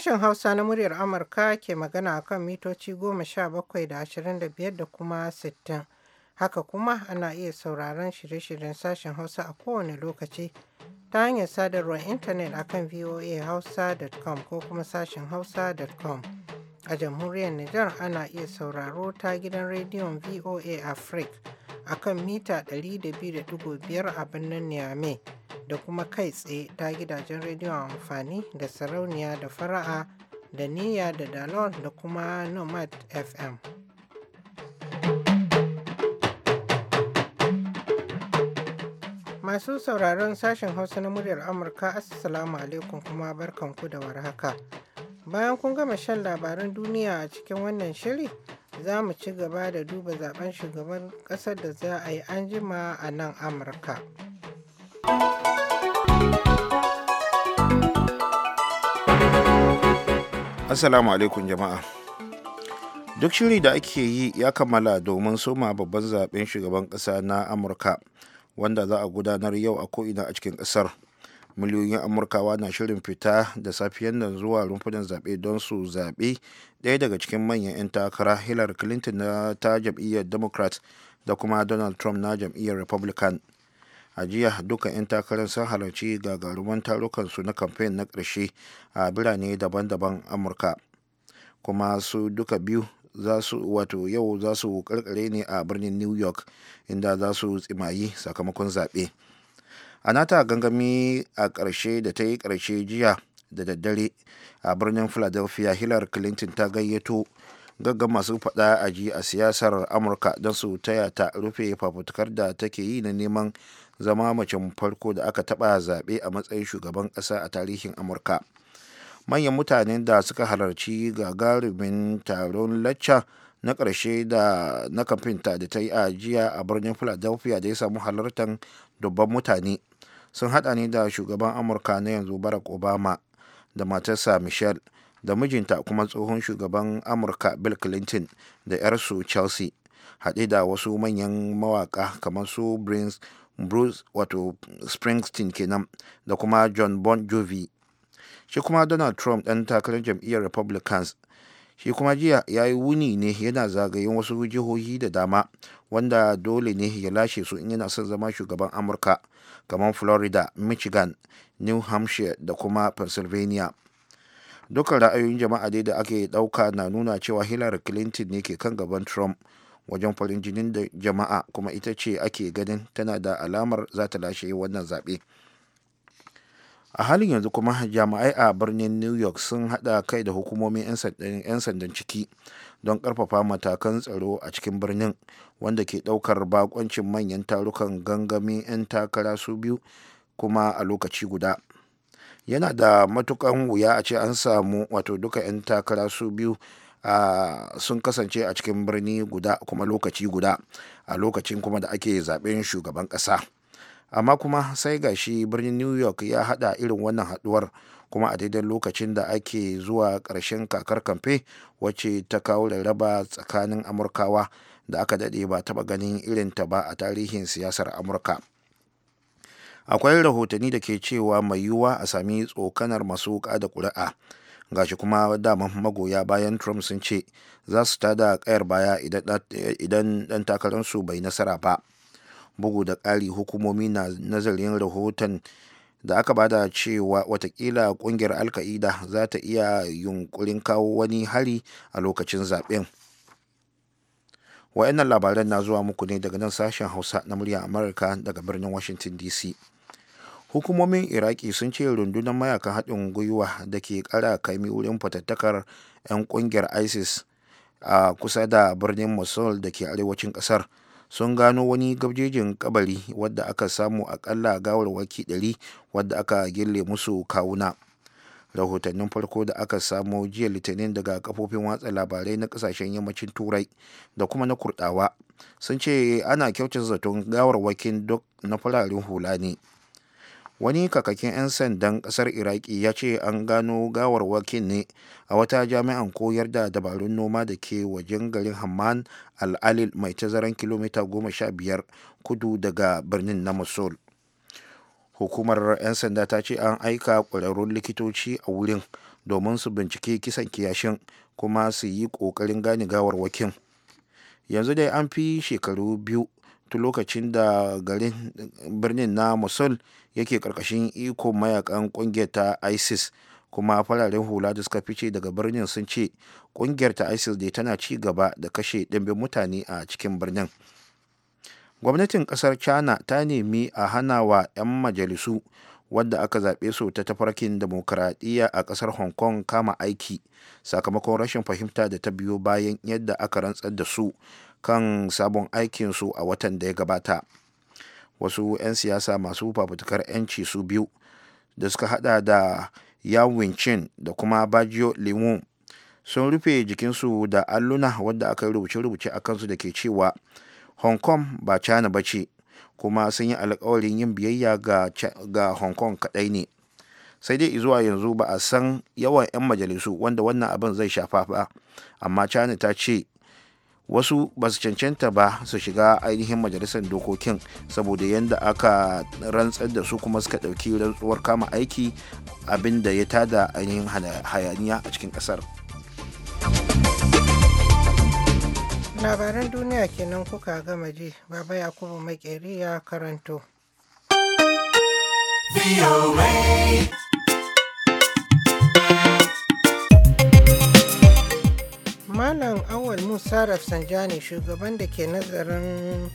Sashen Hausa na muryar Amurka ke magana a kan mitoci goma sha bakwai da ashirin da biyar da kuma sittin. Haka kuma ana iya sauraron shirye-shiryen sashen Hausa a kowane lokaci ta hanyar sadarwar intanet a kan voahausa.com ko kuma sashen hausa.com. A jamhuriyar Nijar ana iya sauraro ta gidan rediyon VOA Africa a kan mita 200.5 a birnin Niamey da kuma kai tsaye ta gidajen rediyon amfani da sarauniya da fara'a da niyya da dalon da kuma nomad fm. Masu sauraron sashen Hausa na muryar Amurka, Assalamu alaikum kuma barkanku da warhaka. Bayan kun gama shan labaran duniya a cikin wannan shiri, za mu ci gaba da duba zaben shugaban kasar da za a yi anjima a nan Amurka. asalamu alaikum jama'a. Duk shiri da ake yi ya kammala domin soma babban zaben shugaban kasa na Amurka wanda za a gudanar yau a ko'ina a cikin kasar. miliyoyin amurkawa na shirin fita da safiyan nan zuwa rumfunan zaɓe don su zaɓe ɗaya daga cikin manyan 'yan takara hillary clinton na ta jam'iyyar democrat da kuma donald trump na jam'iyyar republican a jiya duka 'yan takarar sun halarci gagaruman tarukansu na kamfen na ƙarshe a birane daban-daban amurka kuma su duka biyu za su wato yau za su ƙarƙare ne a birnin new york inda za su tsimayi sakamakon zaɓe. a nata gangami a ƙarshe da ta yi ƙarshe jiya da daddare a birnin philadelphia hillary clinton ta gayyato gaggan masu faɗa a ji a siyasar amurka don su taya ta rufe fafutukar da take yi na neman zama macen farko da aka taɓa zaɓe a matsayin shugaban ƙasa a tarihin amurka manyan mutanen da suka halarci gagarumin taron lacca na ƙarshe da na kamfinta da ta yi a jiya a birnin philadelphia da ya samu halartar dubban mutane sun hada ne da shugaban amurka na yanzu barack obama da matarsa michelle da mijinta kuma tsohon shugaban amurka bill clinton da 'yarsu chelsea haɗe da wasu manyan mawaka kamar su brins bruce wato springsteen kenan da kuma john bon jovi shi kuma donald trump ɗan takarar jam'iyyar republicans shi kuma jiya ya yi wuni ne yana zagayen wasu jihohi da dama wanda dole ne ya lashe su in yana son zama shugaban amurka kamar florida michigan new hampshire da kuma pennsylvania dukkan ra'ayoyin jama'a dai da ake ɗauka na nuna cewa hillary clinton ne ke kan gaban trump wajen farin jinin da jama'a kuma ita ce ake ganin tana da alamar za ta lashe wannan zaɓe. a halin yanzu kuma jami'ai a birnin new york sun hada kai da hukumomin 'yan sandan ciki don karfafa matakan tsaro a cikin birnin wanda ke daukar bakoncin manyan tarukan gangamin 'yan takara su biyu kuma a lokaci guda yana da matukan wuya a ce an samu wato duka 'yan takara su biyu Uh, sun kasance a cikin birni guda kuma lokaci guda a lokacin kuma da ake zaben shugaban kasa. amma kuma sai gashi birnin new york ya hada irin wannan haduwar kuma a daidai lokacin da ake zuwa karshen kakar kamfe wacce ta kawo rarraba tsakanin amurkawa da aka dade ba taba ganin ta ba a tarihin siyasar amurka akwai rahotanni da ke cewa mai yiwuwa a sami tsokanar masu da ƙuri'a gashi kuma daman magoya bayan trump sun ce za su tada kayar baya idan ɗan takararsu bai nasara ba. bugu da ƙari hukumomi na nazarin rahoton da aka bada cewa watakila kungiyar alka'ida za ta iya yunkurin kawo wani hari a lokacin zaben wayannan labaran na zuwa muku ne daga nan sashen hausa na murya amurka daga birnin washington dc hukumomin iraki sun ce rundunar mayakan haɗin gwiwa da ke ƙara kaimi wurin fatattakar 'yan ƙungiyar isis a kusa da birnin mosul da ke arewacin ƙasar sun gano wani gabjejin kabari wadda aka samu akalla gawarwaki ɗari wadda aka gille musu kawuna rahotannin farko da aka samu jiya litinin daga kafofin watsa labarai na kasashen yammacin turai da kuma na kurdawa sun ce ana kyautar zaton gawarwakin duk na fararen hula ne wani kakakin 'yan sandan kasar iraki ya ce an gano gawarwakin ne a wata jami'an koyar da dabarun noma da ke wajen garin hamman al'alil mai tazaran kilomita 15 kudu daga birnin na mosul hukumar 'yan sanda ta ce an aika ƙwararrun likitoci a wurin domin su bincike kisan kiyashin kuma su yi ƙoƙarin gane gawarwakin yanzu dai an fi shekaru biyu tun lokacin da garin birnin na mosul yake karkashin iko mayakan kungiyar ta isis kuma fararen hula da suka fice daga birnin sun ce kungiyar ta isis dai tana ci gaba da kashe dimbin mutane a cikin birnin gwamnatin kasar china ta nemi a hana wa 'yan majalisu wadda aka zaɓe su ta tafarkin demokuraɗiyya a ƙasar hong kong kama aiki sakamakon rashin fahimta da ta biyo bayan yadda aka rantsar da su kan sabon aikinsu a watan da ya gabata wasu 'yan siyasa masu fafutukar 'yanci su biyu da suka hada da yawun chin da kuma bajiyo limu sun rufe jikinsu da alluna wadda aka yi rubuce-rubuce a kansu da ke cewa hong kong ba china ba ce kuma sun yi alkawarin yin biyayya ga, ga hong kong kadai ne sai dai zuwa yanzu ba a san yawan 'yan majalisu wanda wannan abin zai shafa ba amma china ta ce wasu ba su cancanta ba su shiga ainihin majalisar dokokin saboda yadda aka rantsar da su kuma suka ɗauki rantsuwar kama aiki abin da ya tada ainihin hayaniya a cikin ƙasar labaran duniya kenan kuka gama ji baba yakubu makeri ya karanto Lawal Musa Rafsanjani shugaban da ke nazarin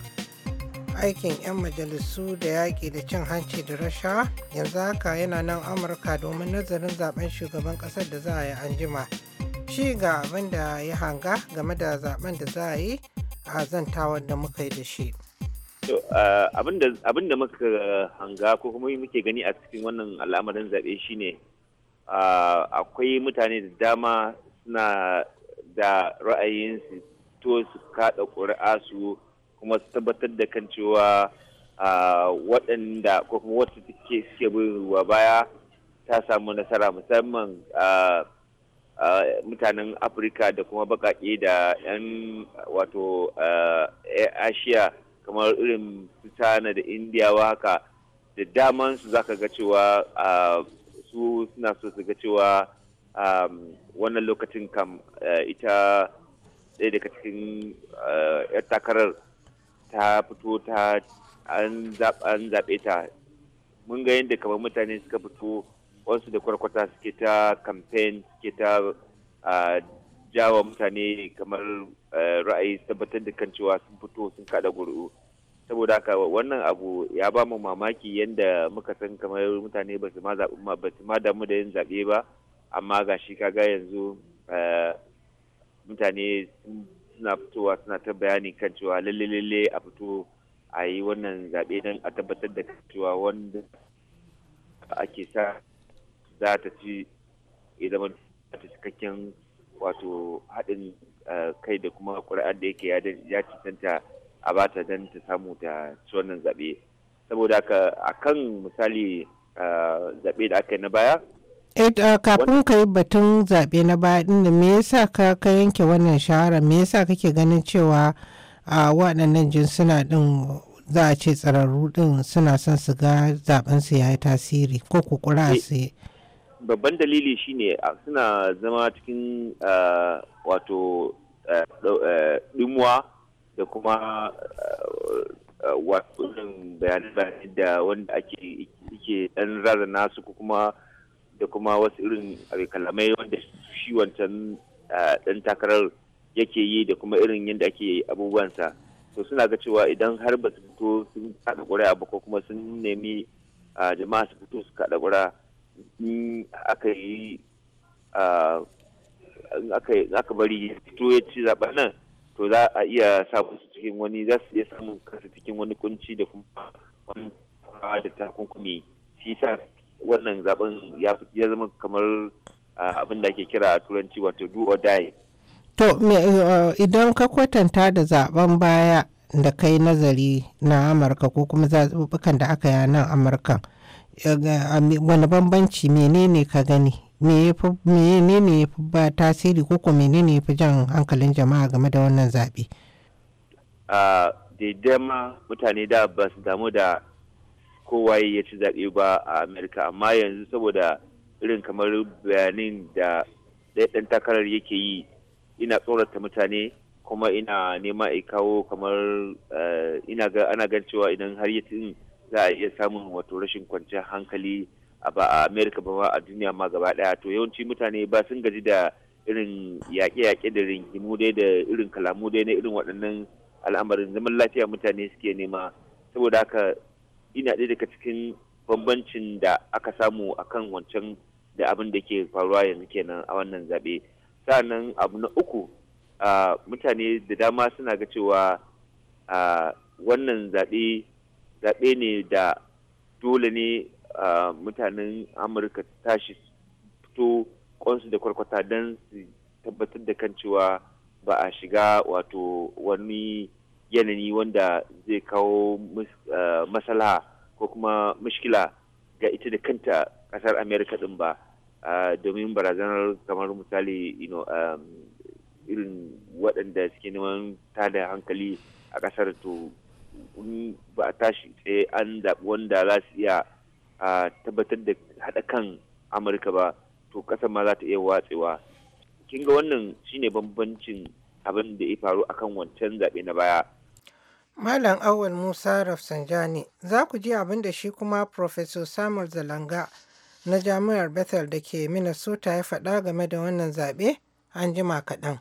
aikin 'yan majalisu da yaƙi da cin hanci da rasha yanzu haka yana nan Amurka domin nazarin zaben shugaban ƙasar da za a yi anjima. Shi ga abin da ya hanga game da zaben da za a yi a zantawar da muka yi da shi. Abin da muka hanga ko kuma muke gani a cikin wannan al'amarin zaɓe shine akwai mutane da dama suna da ra'ayinsu to su kada ƙuri'a su kuma su tabbatar da kan cewa waɗanda ko kuma wata suke suke bin ruwa baya ta samu nasara musamman mutanen afirka da kuma baƙaƙe da 'yan wato ashiya kamar irin su china da indiyawa haka da damansu za ka ga cewa su suna so su ga cewa Um, wannan lokacin kam eh, ita ɗaya daga cikin yar eh, takarar ta fito ta an zaɓe ta mun ga yadda kamar mutane suka fito wasu da kwarkwata suke ta kamfen suke ta ah, jawa mutane kamar eh, ra'ayi tabbatar da kan cewa sun fito sun kada guri'u saboda haka wannan abu ya ba mu mamaki yadda muka san kamar mutane ba su ma damu da yin zaɓe ba amma ga shi kaga yanzu eh, mutane suna fitowa suna ta bayani kan cewa lalle lalle a fito a yi wannan zaɓe don a tabbatar da cewa wanda ake sa za ta ci idan ta cikakken wato haɗin eh, kai da kuma ƙuri'ar da yake ya cancanta a ba ta don ta samu ta ci wannan zaɓe saboda haka a kan misali eh, zaɓe da aka yi na baya Eh, kafin ka yi batun zaɓe na baya ɗin me yasa ka ka yanke wannan shawara me yasa kake ganin cewa a waɗannan jinsuna ɗin za a ce tsararru ɗin suna son su ga zaɓen ya yi tasiri ko kukura eh, su babban dalili shine suna zama cikin wato ɗimuwa da kuma wato bayanan da wanda ake ɗan rarrana su kuma da kuma wasu irin kalamai wanda shi wancan ɗan takarar yake yi da kuma irin yadda ake abubuwansa to suna ga cewa idan har ba su fito sun kaɗa ƙuri'a ba ko kuma sun nemi jama'a su fito su kaɗa ƙuri'a in aka yi aka bari fito ya ci zaɓen nan to za a iya sa su cikin wani za su iya samun kansu cikin wani kunci da kuma wani da takunkumi shi sa wannan zaben ya zama kamar abin da ake kira a turanci wato do or die to eh, idan ka kwatanta da zaben baya da kai nazari na amurka ko kuma zaɓuɓɓukan da aka yi nan amurka wani bambanci menene ka gani menene ya fi ba tasiri ko ko menene ya fi jan hankalin jama'a game da wannan zaɓe daidai ma mutane da ba su damu da kowaye ya ci zaɓe ba a amerika amma yanzu saboda irin kamar bayanin da ɗaya ɗan takarar yake yi ina tsorata mutane kuma ina nema a kawo kamar eh, ina ga ana gan cewa idan har ya za a iya samun wato rashin kwanciyar hankali a ba a amerika ba ma a duniya ma gaba ɗaya to yawanci mutane ba sun gaji da irin yaƙe-yaƙe da ringimu dai da irin kalamu dai na irin waɗannan al'amarin zaman lafiya mutane suke nema saboda haka ina ɗaya daga cikin bambancin da aka samu a kan wancan da abin da ke faruwa yanzu kenan a wannan zaɓe sa'annan abu na uku mutane da dama suna ga cewa wannan zaɓe zaɓe ne da dole ne mutanen amurka tashi fito kwansu da kwarkwata don su tabbatar da kan cewa ba a shiga wato wani yanayi wanda zai kawo eh, masala ko kuma mushkila ga ita da kanta kasar amerika din ba ah, domin barazanar kamar misali um, irin waɗanda suke neman tada hankali a kasar to ba a tashi tsaye an zaɓi wanda za su iya ah, tabbatar da haɗa kan amurka ba to ƙasar ma za ta iya watsewa kinga wannan shine bambancin abin da ya faru akan wancan zaɓe na baya Malam Awal Musa Rafsanjani za ku ji abin da shi kuma Professor Samuel Zalanga na Jami'ar Bethel da ke Minnesota ya faɗa game da wannan zaɓe an jima kaɗan.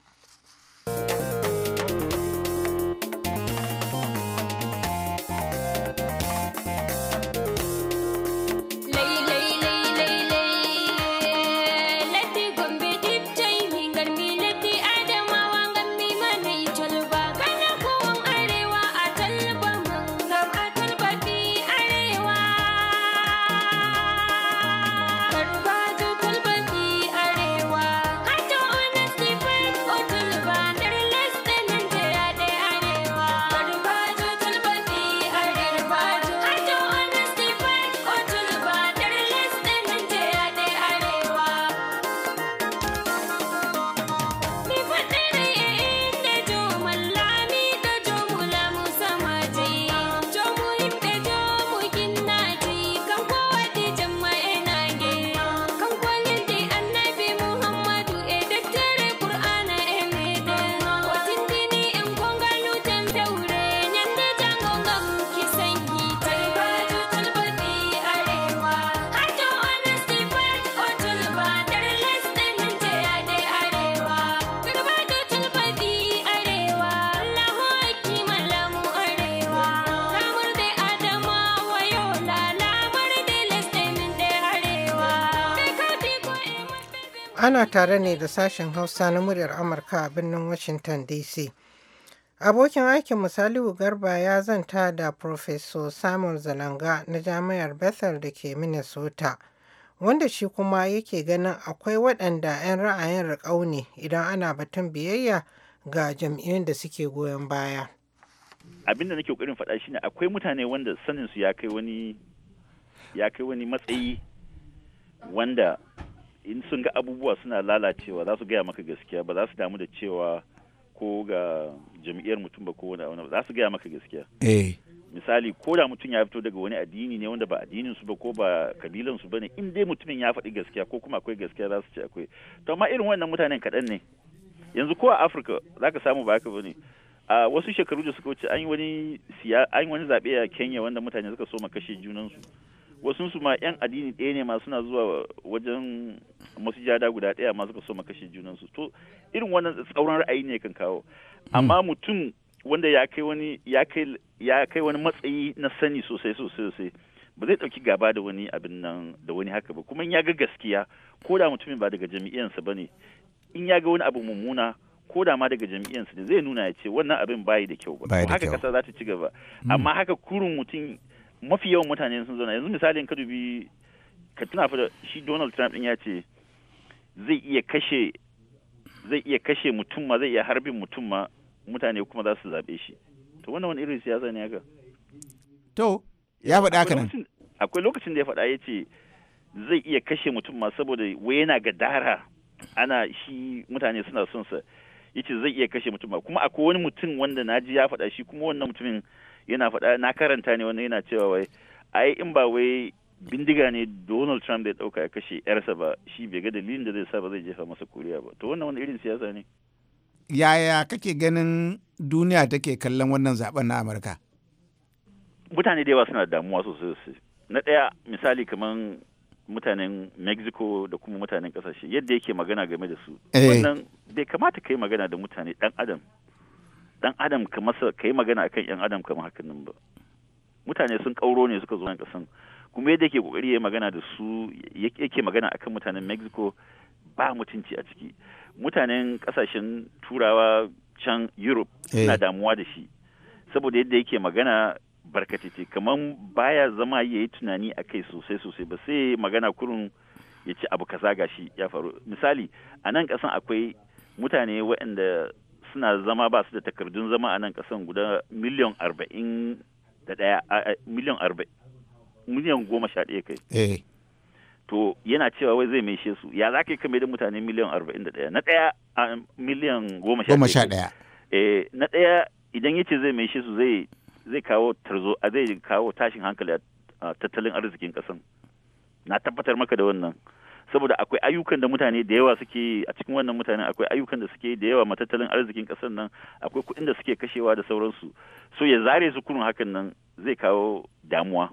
Ana tare ne da sashen Hausa na muryar Amurka a birnin Washington DC. Abokin aikin salihu Garba ya zanta da Professor Samuel Zalanga na Jami'ar Bethel da ke Minnesota, wanda shi kuma yake ganin akwai waɗanda 'yan ra'ayin riƙau idan ana batun biyayya ga jam'iyyun da suke goyon baya. Abin da nake ƙoƙarin faɗa shine akwai mutane wanda saninsu ya kai wani matsayi wanda in sun ga abubuwa suna lalacewa za su gaya maka gaskiya ba za su damu da cewa ko ga jam'iyyar mutum ba ko wani ba za su gaya maka gaskiya eh. misali ko da mutum ya fito daga wani addini ne wanda ba addinin su ba ko ba kabilan su bane in dai mutumin ya faɗi gaskiya ko kuma akwai gaskiya za su ce akwai to amma irin wannan mutanen kaɗan ne yanzu ko a Afirka zaka samu ba haka bane a wasu shekaru da suka wuce an yi wani siya an yi wani zaɓe a Kenya wanda mutane suka soma kashe junan su wasu su ma yan addini ɗaya ne ma suna zuwa wajen masu masujada guda ɗaya ma suka so junan junansu to irin wannan tsauran ra'ayi ne kan kawo hmm. amma mutum wanda ya kai wani ya kai ya kai wani matsayi na sani sosai sosai sosai ba zai ɗauki gaba da wani abin nan da wani haka ba kuma in ya ga gaskiya ko da mutumin ba daga jami'iyansa ba ne in ya ga wani abu mummuna ko da ma daga jami'iyansa ne zai nuna ya ce wannan abin bayi da kyau ba haka kasa za ta ci gaba hmm. amma haka kurun mutum mafi yawan mutane sun zauna yanzu misalin ka dubi ka tuna fa shi Donald Trump din ya ce zai iya kashe zai iya kashe mutum ma zai iya harbin mutum ma mutane kuma za su zaɓe shi to wannan wani irin siyasa ne haka to ya faɗa haka nan akwai lokacin da ya faɗa ya ce zai iya kashe mutum ma saboda wai yana gadara ana shi mutane suna son sa yace zai iya kashe mutum ma kuma akwai wani mutum wanda naji ya faɗa shi kuma wannan mutumin yana faɗa na karanta ne wani yana cewa wai ai in ba wai bindiga ne Donald Trump da ya ɗauka ya kashe yarsa ba shi bai ga dalilin da zai sa ba zai jefa masa kuriya ba to wannan wani irin siyasa ne yaya kake ganin duniya take kallon wannan zaben na Amurka mutane da yawa suna damuwa sosai sosai na ɗaya misali kamar mutanen mexico da kuma mutanen kasashe yadda yake magana game da su eh. wannan bai kamata ka yi magana da mutane dan adam dan adam ka masa ka yi magana akan yan adam kamar hakan nan ba mutane sun kauro ne suka zo nan kasan kuma yadda yake kokari ya magana da su yake magana akan mutanen mexico ba mutunci a ciki mutanen kasashen turawa can europe suna eh. damuwa da shi saboda yadda yake magana barkatete kamar baya zama ya yi tunani a kai sosai sosai ba sai magana kurun ya ci abu kaza gashi ya faru misali a nan kasan akwai mutane waɗanda suna zama ba su da takardun zama a nan kasan guda miliyan arba'in da ɗaya miliyan arba'in miliyan goma sha ɗaya kai eh. to yana cewa wai zai maishe su ya za ka mai da mutane miliyan arba'in da ɗaya na ɗaya a miliyan goma sha ɗaya eh, na ɗaya idan ya ce zai maishe su zai zai kawo tarzo a zai kawo tashin hankali a tattalin arzikin ƙasan na tabbatar maka da wannan saboda akwai ayyukan da mutane da yawa suke a cikin wannan mutanen akwai ayyukan da suke da yawa matattalin arzikin kasar nan akwai kuɗin da suke kashewa da sauransu so ya zare su kurun hakan nan zai kawo damuwa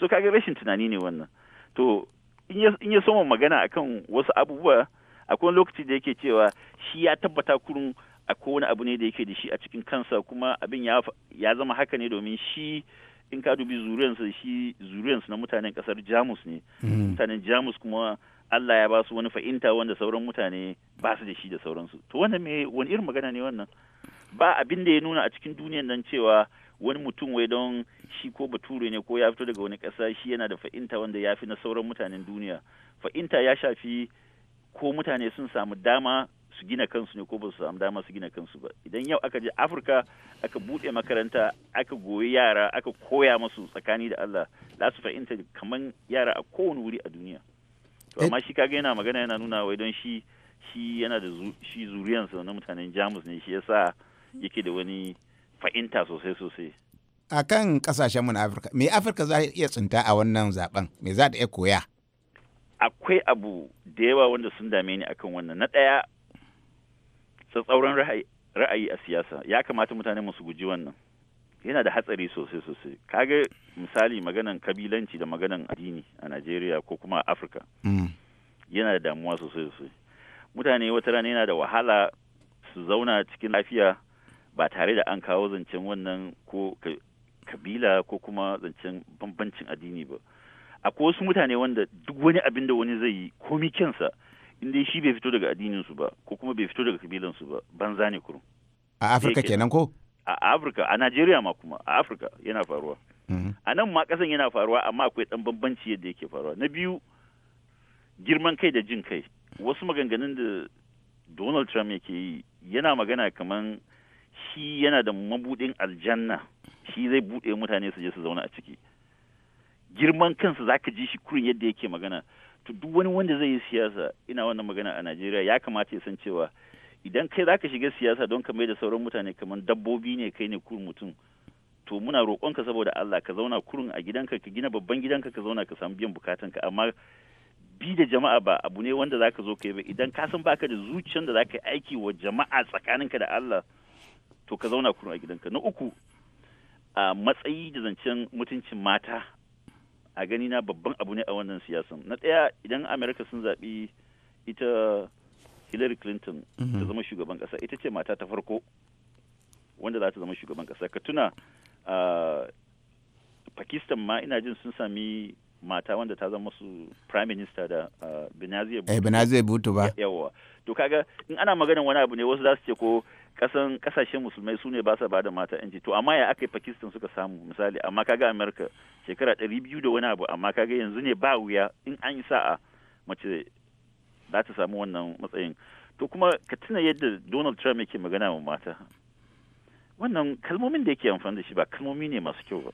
so kaga rashin tunani ne wannan to in ya soma magana akan wasu abubuwa akwai lokaci da yake cewa shi ya tabbata kurun akwai wani abu ne da yake da shi a cikin kansa kuma abin ya zama haka ne domin shi in ka dubi zuriyarsa shi zuriyarsa na mutanen kasar jamus ne hmm. mutanen jamus kuma Allah ya ba su wani fahimta wanda sauran mutane ba su da shi da sauransu to wannan me wani irin magana ne wannan ba abin da ya nuna a cikin duniyan nan cewa wani mutum wai don shi ko bature ne ko ya fito daga wani ƙasa shi yana da fa'inta wanda ya fi na sauran mutanen duniya fa'inta ya shafi ko mutane sun samu dama su gina kansu ne ko ba su samu dama su gina kansu ba idan yau aka je afirka aka buɗe makaranta aka goyi yara aka koya masu tsakani da allah za su fahimta kamar yara a kowane wuri a duniya to amma eh? shi kage yana magana yana nuna wai don shi shi yana da shi zuriyansa na mutanen jamus ne shi yasa yake da wani fahimta sosai sosai a kan kasashen na afirka me afirka za iya tsinta a wannan zaben me za ta iya koya akwai abu da yawa wanda sun dame ni akan wannan na ɗaya sa tsauran ra'ayi a siyasa ya kamata mutane su guji wannan yana da hatsari sosai sosai kage misali maganan kabilanci da maganan addini a najeriya ko kuma a afirka mm. yana da damuwa sosai sosai mutane wata rana yana da wahala su zauna cikin lafiya ba tare da an kawo zancen wannan ko kabila ko kuma zancen bambancin addini ba akwai wasu mutane wanda duk wani abin da wani zai yi komi kyansa inda shi bai fito daga addininsu ba ko kuma bai fito daga kabilansu ba banza ne kurum a afirka kenan ko a Afirka a Najeriya ma kuma a Afirka yana faruwa mhm. a nan ma kasan yana faruwa amma akwai dan bambanci yadda yake faruwa na biyu girman kai da jin kai wasu maganganun da Donald Trump yake yi yana magana kamar shi yana da mabudin aljanna shi zai bude mutane su je su zauna a ciki girman kansa zaka ji shi kurin yadda yake magana to duk wani wanda zai yi siyasa ina wannan magana a Najeriya ya kamata ya san cewa idan kai za ka shiga siyasa don ka mai da sauran mutane kamar dabbobi ne kai ne kur mutum to muna roƙonka saboda Allah ka zauna kurun a gidanka ka gina babban gidanka ka zauna ka samu biyan bukatanka amma bi da jama'a ba abu ne wanda zaka zo ka yi ba idan ka san baka da zuciyar da zaka yi aiki wa jama'a tsakaninka da Allah to ka zauna kurun a gidanka na uku a matsayi da zancen mutuncin mata a gani na babban abu ne a wannan siyasan na ɗaya idan Amerika sun zaɓi ita hillary clinton mhm. ta zama shugaban kasa ita ce mata ta farko wanda za ta zama shugaban kasa ka tuna pakistan ma ina jin sun sami mata wanda ta zama su prime minister da eh, benazir Bhutto ba yawa to kaga in ana maganin wani abu ne wasu za su ce ko kasan kasashen musulmai su ne ba sa bada mata yanci to amma ya aka yi pakistan suka samu misali amma kaga america shekara ɗari biyu da wani abu amma kaga yanzu ne ba wuya in an yi sa'a mace za ta samu wannan matsayin to kuma ka tuna yadda donald trump yake magana wa mata wannan kalmomin da yake amfani da shi ba kalmomi ne masu kyau ba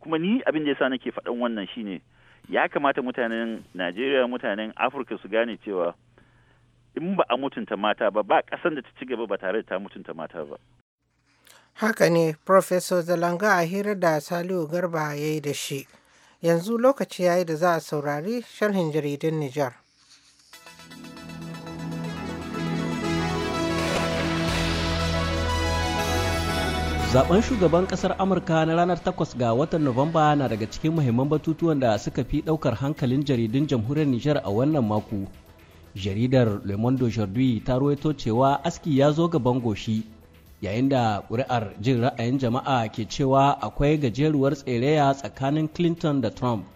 kuma ni abin da yasa nake faɗan wannan shine ya kamata mutanen najeriya mutanen afirka su gane cewa in ba a mutunta mata ba ba ƙasan da ta ci gaba ba tare da ta mutunta mata ba haka ne professor zalanga a hira da saliu garba ya yi da shi yanzu lokaci ya yi da za a saurari sharhin jaridun nijar Zaben shugaban kasar Amurka na ranar 8 ga watan Nuwamba na daga cikin muhimman batutuwan da suka fi daukar hankalin jaridun jamhuriyar Nijar a wannan mako. Jaridar Le Monde Aujourd'hui ta ruwaito cewa aski ya zo gaban goshi yayin da ƙuri'ar jin ra'ayin jama'a ke cewa akwai gajeruwar tsereya tsakanin Clinton da Trump.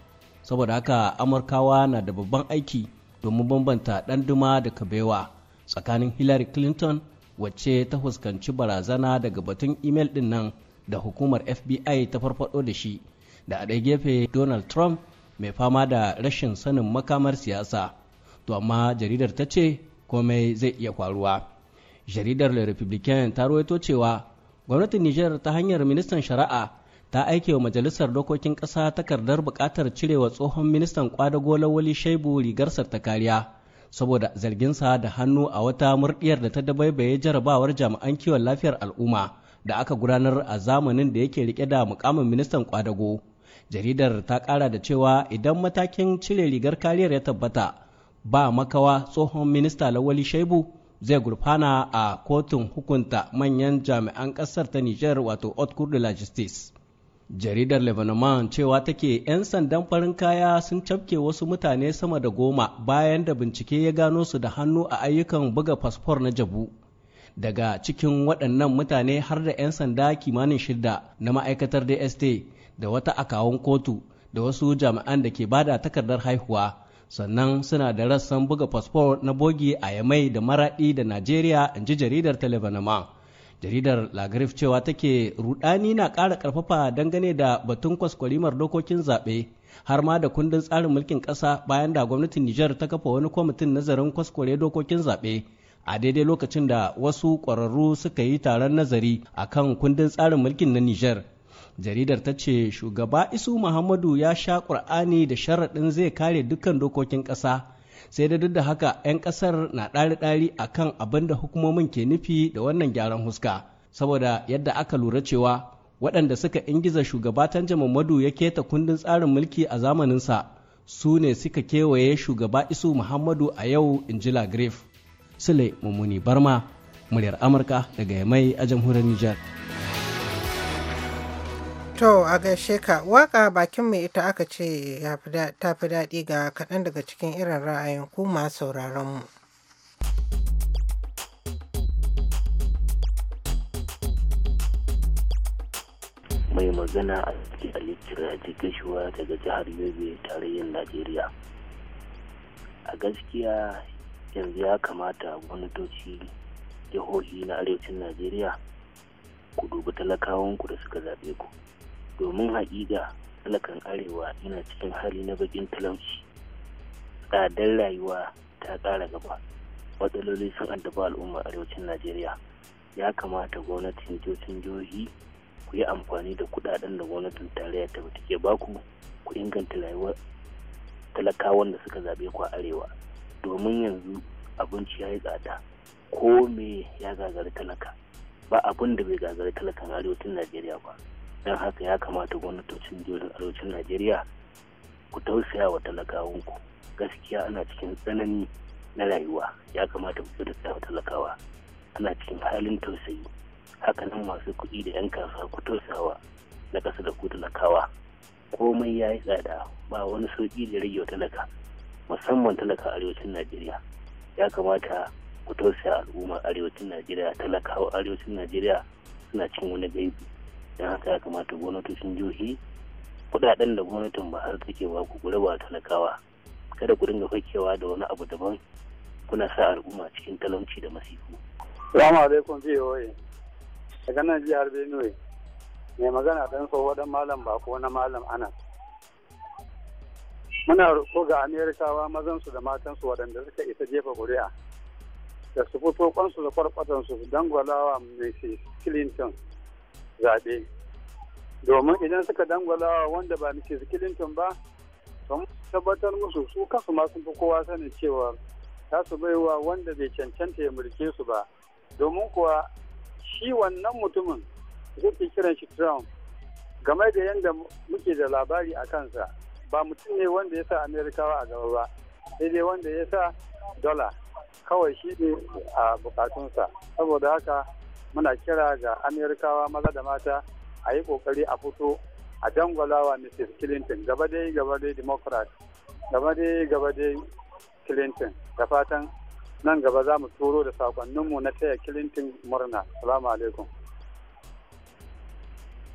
Saboda haka Amurkawa na da babban aiki domin bambanta ɗanduma da kabewa tsakanin Hillary Clinton wacce ta fuskanci barazana daga batun imel din nan da hukumar fbi ta farfado da shi da a gefe donald trump mai fama da rashin sanin makamar siyasa to amma jaridar ta ce komai zai iya faruwa jaridar le republican ta ruwaito cewa gwamnatin niger ta hanyar ministan shari'a ta aike wa majalisar dokokin ƙasa takardar bukatar cirewa tsohon ministan kwadago lawali shaibu rigarsar ta kariya saboda zarginsa da hannu a wata murɗiyar da ta dabaibaye jarabawar jami'an kiwon lafiyar al'umma da aka gudanar a zamanin da yake rike da mukamin ministan kwadago jaridar ta ƙara da cewa idan matakin cire rigar kariyar ya tabbata ba makawa tsohon minista lawali shaibu zai gurfana a kotun hukunta manyan jami'an ƙasar ta niger wato haute cour de la justice jaridar lebanon cewa take 'yan sandan farin kaya sun cafke wasu mutane sama da goma bayan da bincike ya gano su da hannu a ayyukan buga fasfor na jabu daga cikin waɗannan mutane har da 'yan sanda kimanin shida na ma'aikatar dst da wata akawun kotu da wasu jami'an da ke bada takardar haihuwa sannan suna da rassan buga fasfor na bogi a yamai da maraɗi da najeriya in ji jaridar ta lebanon jaridar lagrif cewa take rudani na ƙara ƙarfafa dangane da batun kwaskwarimar dokokin zaɓe har ma da kundin tsarin mulkin ƙasa bayan da gwamnatin nijar ta kafa wani kwamitin nazarin kwaskware dokokin zaɓe a daidai lokacin da wasu ƙwararru suka yi taron nazari a kan kundin tsarin mulkin na nijar jaridar ta ce shugaba isu muhammadu ya sha ƙur'ani da sharaɗin zai kare dukkan dokokin ƙasa sai da duk da haka 'yan kasar na ɗari-ɗari a kan abin da hukumomin ke nufi da wannan gyaran huska saboda yadda aka lura cewa waɗanda suka ingiza shugabatan jamamadu ya keta kundin tsarin mulki a zamaninsa su ne suka kewaye shugaba isu muhammadu a yau in ji lagrif sule mummuni barma muryar amurka daga yamai a jamhuriyar nijar To a gaishe ka waka bakin mai ita aka ce ta fi daɗi ga kaɗan daga cikin irin ra'ayin ku masu mu. Mai magana a Alitira Jigishuwa daga jihar Yobe tarayyar Najeriya. A gaskiya yanzu ya kamata gwamnatoci jihohi na arewacin Najeriya ku dubi talakawanku da suka zaɓe ku. domin haƙiƙa talakan arewa yana cikin hali na bakin talauci tsadar rayuwa ta ƙara gaba matsaloli sun addaba al'ummar arewacin najeriya ya kamata gwamnatin jocin jihohi ku yi amfani da kuɗaɗen da gwamnatin tarayya ta ke, baku ku inganta rayuwar talakawan da suka zaɓe ku a arewa domin yanzu abinci ya yi tsada ko me ya gagari talaka ba abin da bai gagari talakan arewacin najeriya ba don haka ya kamata gwamnatocin jihohin arewacin najeriya ku tausaya wa talakawanku gaskiya ana cikin tsanani na rayuwa ya kamata ku kyautata wa talakawa ana cikin halin tausayi hakanan masu kuɗi da 'yan kasuwa ku wa na ƙasa da ku talakawa komai ya yi tsada ba wani sauƙi da rage wa talaka musamman talaka arewacin najeriya ya kamata ku tausaya al'ummar arewacin najeriya talakawa arewacin najeriya suna cikin wani gaibi don haka ya kamata sun jihohi kudaden da gwamnatin har take ba ku gure ba talakawa kada ku dinga fakewa da wani abu daban kuna sa al'umma cikin talauci da masifu. Salamu alaikum VOA daga nan jihar Benue mai magana dan tsoho dan malam bako na malam ana Muna roƙo ga Amerikawa su da matan su wadanda suka isa jefa ƙuri'a da su fito kwansu da kwarkwatan su dangwalawa mai Clinton zaɓe domin idan suka dangwala wanda ba nake clinton ba sun tabbatar musu su kasu ma sun fi kowa sanin cewa ta su baiwa wanda bai cancanta ya mulke su ba domin kuwa shi wannan mutumin zai kiran shi trump game da yadda muke da labari a kansa ba mutum ne wanda ya sa amerikawa a gaba ba sai dai wanda ya sa dola kawai shi ne a bukatunsa saboda haka muna kira ga amerikawa maza da mata a yi kokari a fito a dangwalawa mrs clinton gaba dai gaba dai democrat gaba dai gaba dai clinton da fatan nan gaba za mu turo da sakonninmu na taya clinton murna salamu alaikum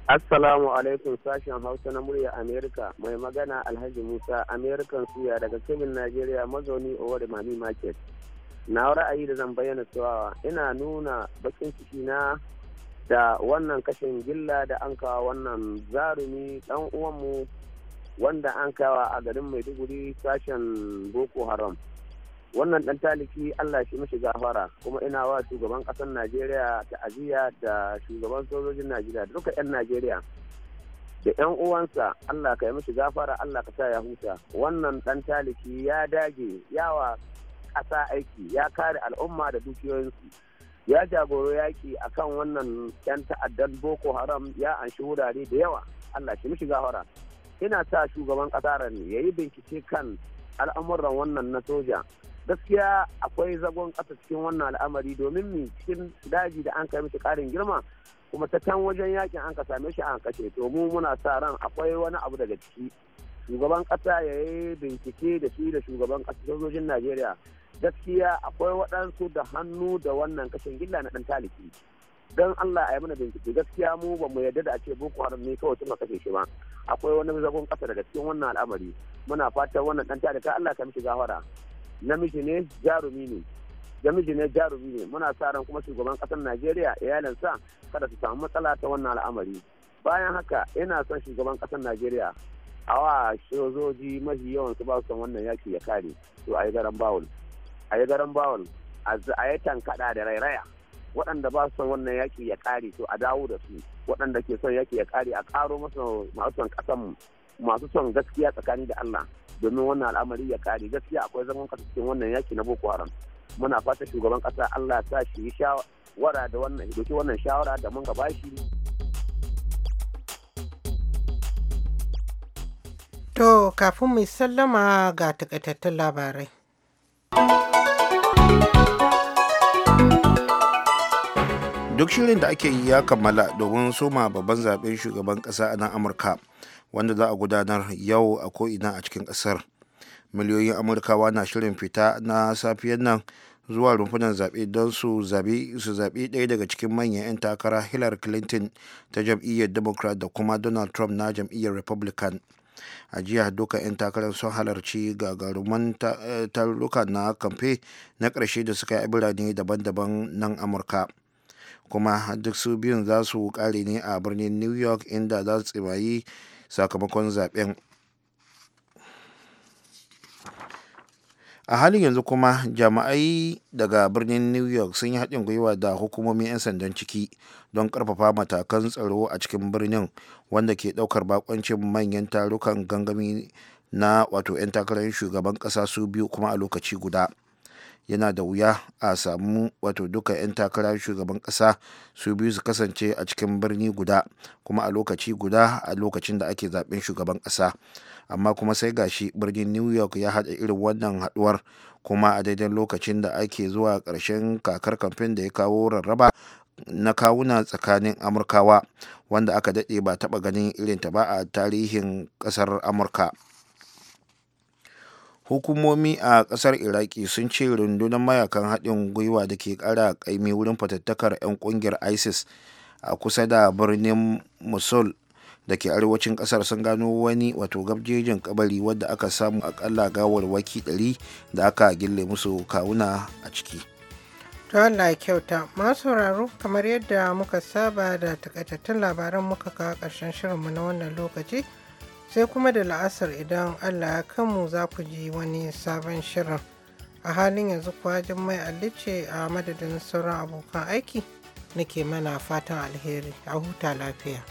Assalamu alaikum sashen Hausa na murya Amerika mai magana Alhaji Musa amerikan suya daga Kebin Najeriya mazauni Owari Mami Market. na ra'ayi da zan bayyana cewa ina nuna bakin ciki na da wannan kashin gilla da an kawo wannan zarumi dan uwanmu wanda an kawa a garin maiduguri sashen boko haram wannan dan taliki allah shi mashi gafara kuma ina wa shugaban kasar najeriya ta'aziyya da shugaban sojojin najeriya da duka 'yan najeriya da 'yan uwansa allah ka yi mashi gafara allah ka sa ya huta wannan dan taliki ya dage yawa ƙasa aiki ya kare al'umma da dukiyoyinsu ya jagoro yaƙi kan wannan 'yan ta'addan boko haram ya anshi wurare da yawa allah shi mishi gahara ina sa shugaban ƙasa ne ya yi bincike kan al'amuran wannan na soja gaskiya akwai zagon ƙasa cikin wannan al'amari domin mi cikin daji da an kai mishi ƙarin girma kuma ta can wajen yakin an ka same shi an kashe to mu muna sa ran akwai wani abu daga ciki shugaban ƙasa ya yi bincike da shi da shugaban ƙasa sojojin najeriya gaskiya akwai waɗansu da hannu da wannan kashin gilla na ɗan taliki don Allah a yi mana bincike gaskiya mu ba mu yarda da a ce boko haram ne kawai tun kashe shi ba akwai wani zagon ƙasa daga cikin wannan al'amari muna fatan wannan ɗan talika Allah ka mishi gawara namiji ne jarumi ne namiji ne jarumi ne muna sa ran kuma shugaban ƙasar Najeriya iyalinsa kada su samu matsala ta wannan al'amari bayan haka ina son shugaban ƙasar Najeriya awa wa shozoji mafi yawan su ba su son wannan yaki ya kare to a yi garan bawul a yi garan bawon a yi tankada da rairaya waɗanda ba su son wannan yaƙi ya ƙare to a dawo da su waɗanda ke son yaƙi ya ƙare a ƙaro masu son ƙasanmu masu son gaskiya tsakani da Allah domin wannan al'amari ya ƙare gaskiya akwai zaman kasa cikin wannan yaƙi na Boko Haram muna fata shugaban ƙasa Allah ta shi yi shawara da wannan doki wannan shawara da mun gaba shi. To kafin mu sallama ga takaitattun labarai. duk shirin da ake yi ya kammala domin soma babban zaben shugaban kasa a nan amurka wanda za a gudanar yau a ko'ina a cikin kasar miliyoyin amurkawa na shirin fita na safiyar nan zuwa rumfunan zaɓe don su zaɓi ɗaya daga cikin manyan 'yan takara hillary clinton ta jam'iyyar democrat da kuma donald trump na jam'iyyar republican a jiya duka 'yan takarar sun halarci gagaruman eh, taruka na kamfe na ƙarshe da suka yi birane daban-daban nan amurka kuma duk su biyun za su kare ne a birnin new york inda za su tsimayi sakamakon zaben a halin yanzu kuma jami'ai daga birnin new york sun yi haɗin gwiwa da hukumomin 'yan sandan ciki don ƙarfafa matakan tsaro a cikin birnin wanda ke ɗaukar bakoncin manyan tarukan gangami na wato 'yan takarar shugaban ƙasa su biyu kuma a lokaci guda yana da wuya a samu wato duka 'yan takara shugaban kasa su biyu su kasance a cikin birni guda kuma a lokaci guda a lokacin da ake zaben shugaban kasa amma kuma sai gashi birnin new york ya haɗa irin wannan haɗuwar kuma a daidai lokacin da ake zuwa karshen kakar kamfen da ya kawo rarraba na kawuna tsakanin amurkawa wanda aka daɗe ba taɓa ganin irinta ba a tarihin ƙasar amurka hukumomi a kasar iraki sun ce rundunar mayakan haɗin gwiwa da ke ƙara ƙaimi wurin fatattakar 'yan ƙungiyar isis a kusa da birnin musul da ke arewacin ƙasar sun gano wani wato gabjejin kabari wadda aka samu akalla waki 100 da aka gille musu kawuna a ciki ta Allah kyauta masu sauraro kamar yadda muka saba da takaitattun labaran muka kawo ƙarshen shirinmu na wannan lokaci sai kuma da la'asar idan allah ya kanmu za ku ji wani sabon shirin a halin yanzu kuwa mai alice a madadin sauran abokan aiki nake mana fatan alheri a huta lafiya